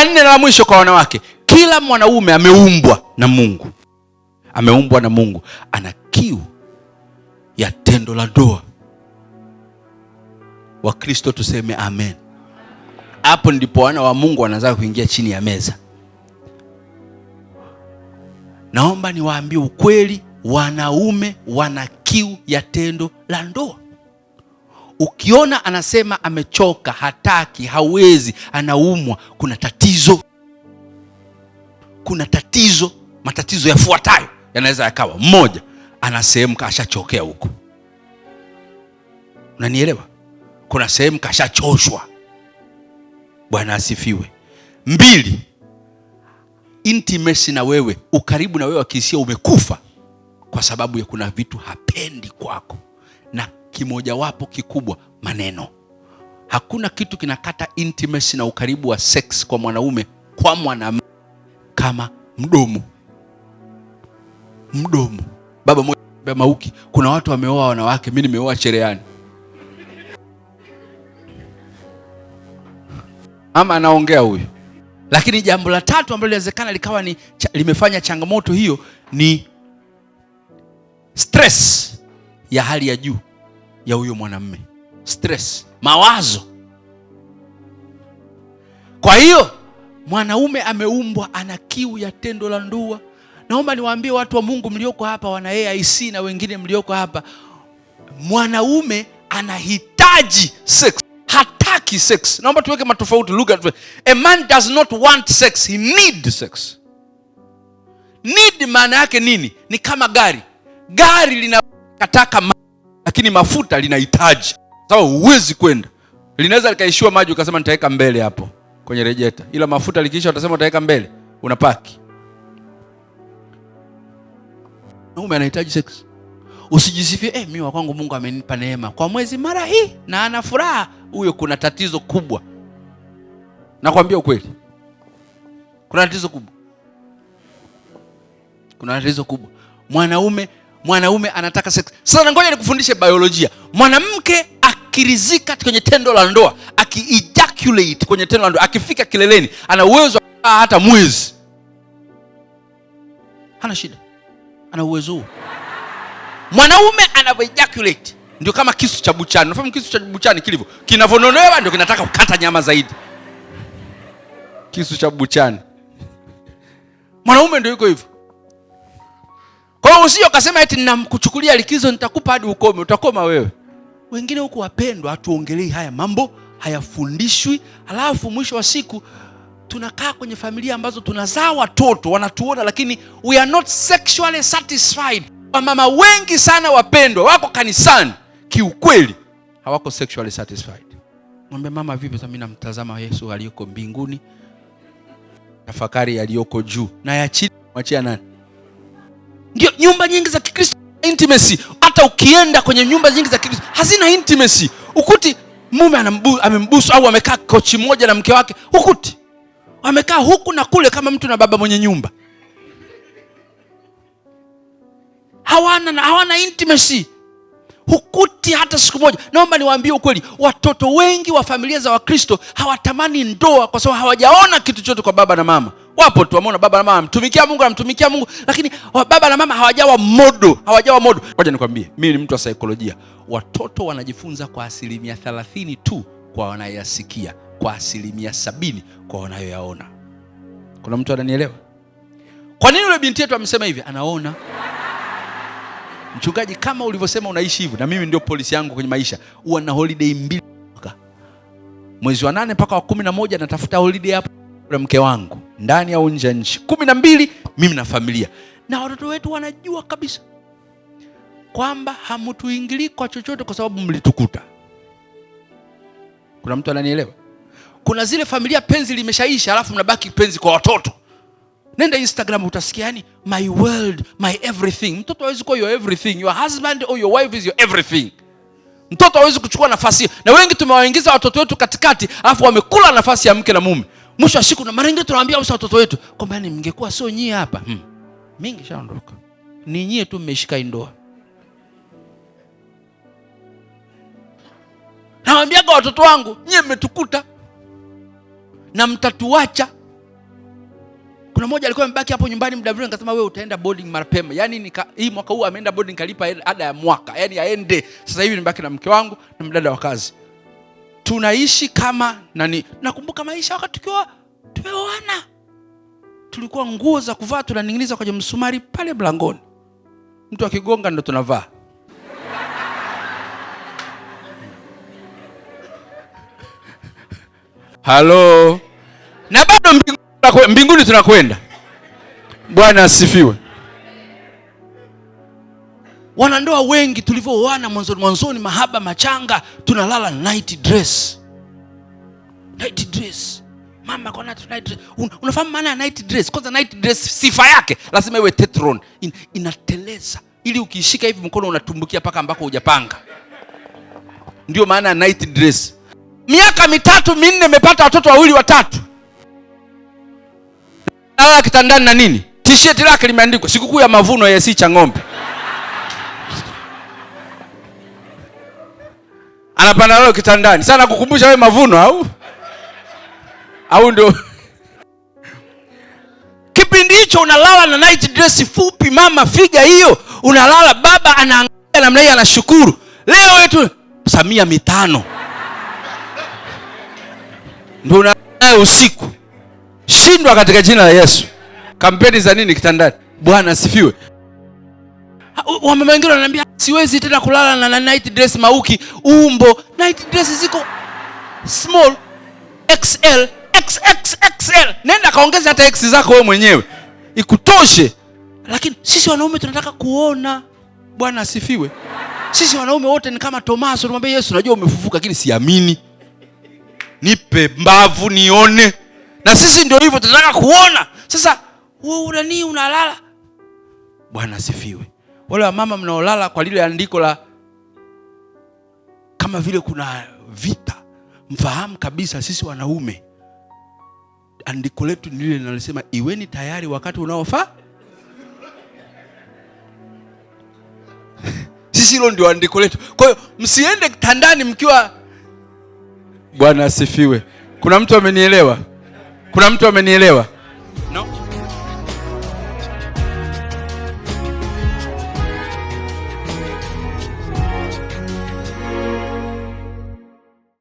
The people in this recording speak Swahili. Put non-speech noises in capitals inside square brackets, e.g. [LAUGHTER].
la nne na la mwisho kwa wanawake kila mwanaume ameumbwa na mungu ameumbwa na mungu ana kiu ya tendo la ndoa wakristo tuseme amen hapo ndipo wana wa mungu wanaanza kuingia chini ya meza naomba niwaambie ukweli wanaume wana kiu ya tendo la ndoa Ukiona anasema amechoka, hataki, hawezi, anaumwa, kuna tatizo, kuna tatizo. Matatizo yafuatayo yanaweza yakawa: mmoja, ana sehemu kashachokea huko, unanielewa? Kuna sehemu kashachoshwa. Bwana asifiwe. Mbili, intimacy na wewe, ukaribu na wewe wa kihisia umekufa, kwa sababu ya kuna vitu hapendi kwako na kimojawapo kikubwa, maneno. Hakuna kitu kinakata intimacy na ukaribu wa sex kwa mwanaume kwa mwanamke kama mdomo. Mdomo. Baba mmoja Mauki, kuna watu wameoa wanawake, mimi nimeoa cherehani. Ama anaongea huyu. Lakini jambo la tatu ambalo linawezekana likawa ni limefanya changamoto hiyo ni stress ya hali ya juu ya huyo mwanamme stress, mawazo. Kwa hiyo mwanaume ameumbwa ana kiu ya tendo la ndua Naomba niwaambie watu wa Mungu mlioko hapa, wana AIC na wengine mlioko hapa, mwanaume anahitaji sex, hataki sex. Naomba tuweke matofauti lugha. A man does not want sex, he need sex. Need maana yake nini? Ni kama gari, gari ma- lakini mafuta linahitaji sawa. Huwezi kwenda, linaweza likaishiwa maji ukasema nitaweka mbele hapo kwenye rejeta, ila mafuta likiisha utasema utaweka mbele, unapaki. Mume anahitaji sex. Usijisifie eh, mimi wa kwangu Mungu amenipa neema kwa mwezi mara hii na ana furaha. Huyo kuna tatizo kubwa, nakwambia ukweli, kuna tatizo kubwa, kuna tatizo kubwa. Mwanaume mwanaume anataka sex. Sasa na ngoja nikufundishe biolojia. Mwanamke akirizika kwenye tendo la ndoa, akiejaculate kwenye tendo la ndoa, akifika kileleni, ana uwezo wa hata mwezi, hana shida, ana uwezo huo. Mwanaume anavyoejaculate ndio kama kisu cha buchani. Unafahamu kisu cha buchani kilivyo, kinavononewa ndio kinataka kukata nyama zaidi. Kisu cha buchani, mwanaume ndio yuko hivyo kwa hiyo usije ukasema eti namkuchukulia likizo, nitakupa hadi ukome. Utakoma wewe. Wengine huku wapendwa, hatuongelei haya mambo, hayafundishwi. Halafu mwisho wa siku tunakaa kwenye familia ambazo tunazaa watoto wanatuona, lakini we are not sexually satisfied. Wamama wengi sana wapendwa, wako kanisani, kiukweli hawako sexually satisfied. Mwambie mama, vipi sasa? Mimi namtazama Yesu aliyoko mbinguni, tafakari yaliyoko juu na ya chini, mwachia nani? ndio nyumba nyingi za kikristo intimacy hata ukienda kwenye nyumba nyingi za kikristo hazina intimacy ukuti mume amembusu au amekaa kochi moja na mke wake hukuti wamekaa huku na kule kama mtu na baba mwenye nyumba hawana hawana intimacy hukuti hata siku moja naomba niwaambie ukweli watoto wengi wa familia za wakristo hawatamani ndoa kwa sababu hawajaona kitu chote kwa baba na mama Wapo tu wameona baba na mama mtumikia Mungu, na mtumikia Mungu, lakini baba na mama hawajawa modo, hawajawa modo. Ngoja nikwambie, mimi ni mtu wa saikolojia. Watoto wanajifunza kwa asilimia thelathini tu kwa wanayoyasikia, kwa asilimia sabini kwa wanayoyaona. Kuna mtu ananielewa? Kwa nini yule binti yetu amesema hivi? Anaona Mchungaji, kama ulivyosema unaishi hivyo, na mimi ndio polisi yangu kwenye maisha. Huwa na holiday mbili, mwezi wa nane mpaka wa kumi na moja natafuta holiday hapo yule mke wangu ndani au nje ya nchi, kumi na mbili mimi na familia na watoto wetu wanajua kabisa kwamba hamtuingilii kwa chochote, kwa sababu mlitukuta. Kuna mtu ananielewa? Kuna zile familia penzi limeshaisha, alafu mnabaki penzi kwa watoto. Nenda Instagram utasikia, yani my world, my everything. Mtoto hawezi kuwa your everything, your husband or your wife is your everything. Mtoto hawezi kuchukua nafasi, hiyo na wengi tumewaingiza watoto wetu katikati, alafu wamekula nafasi ya mke na mume mwisho wa siku, na mara nyingine tunawaambia watoto wetu kwamba yani, mngekuwa sio nyie hapa hmm, mimi ningeshaondoka. Ni nyie tu mmeshika ndoa. Nawaambiaga watoto wangu, nyie mmetukuta na mtatuacha. Kuna mmoja alikuwa amebaki hapo nyumbani muda mrefu, nikasema wewe utaenda boarding mapema. Yaani nika hii mwaka huu ameenda boarding kalipa ada ya mwaka. Yaani aende. Sasa hivi nimebaki na mke wangu na mdada wa kazi tunaishi kama nani. Nakumbuka maisha wakati tukiwa tumeoana, tulikuwa nguo za kuvaa tunaning'iniza kwenye msumari pale mlangoni, mtu akigonga ndo tunavaa halo, na bado mbinguni tunakwenda. Bwana asifiwe. Wanandoa wengi tulivyooana mwanzoni mwanzoni, mahaba machanga, tunalala night dress. Night dress mama, kwa night dress. Un, unafahamu maana ya night dress? Kwanza night dress sifa yake lazima iwe tetron, in, inateleza ili ukiishika hivi mkono unatumbukia paka ambako hujapanga. Ndio maana ya night dress. Miaka mitatu minne, nimepata watoto wawili watatu, nalala kitandani na nini, tisheti lake limeandikwa sikukuu ya mavuno ya si cha ng'ombe anapanda nalo kitandani. Sasa nakukumbusha wewe mavuno au au ndio kipindi hicho unalala na night dress fupi, mama figa hiyo, unalala baba anaangalia namna hii, anashukuru leo wetu Samia mitano ndio unalala usiku, shindwa katika jina la Yesu. Kampeni za nini kitandani? Bwana asifiwe. Wamama wengine wananiambia siwezi tena kulala na night dress mauki umbo night dress ziko small xl xxxl nenda kaongeza hata x zako wewe mwenyewe ikutoshe lakini sisi wanaume tunataka kuona bwana asifiwe sisi wanaume wote ni kama tomaso tumwambia yesu najua umefufuka lakini siamini nipe mbavu nione na sisi ndio hivyo tunataka kuona sasa wewe unanii unalala bwana asifiwe wale wamama mnaolala kwa lile andiko la kama vile kuna vita, mfahamu kabisa sisi wanaume andiko letu ni lile linalosema iweni tayari wakati unaofaa. [LAUGHS] Sisi hilo ndio andiko letu. Kwa hiyo msiende kitandani mkiwa Bwana asifiwe. Kuna mtu amenielewa? Kuna mtu amenielewa?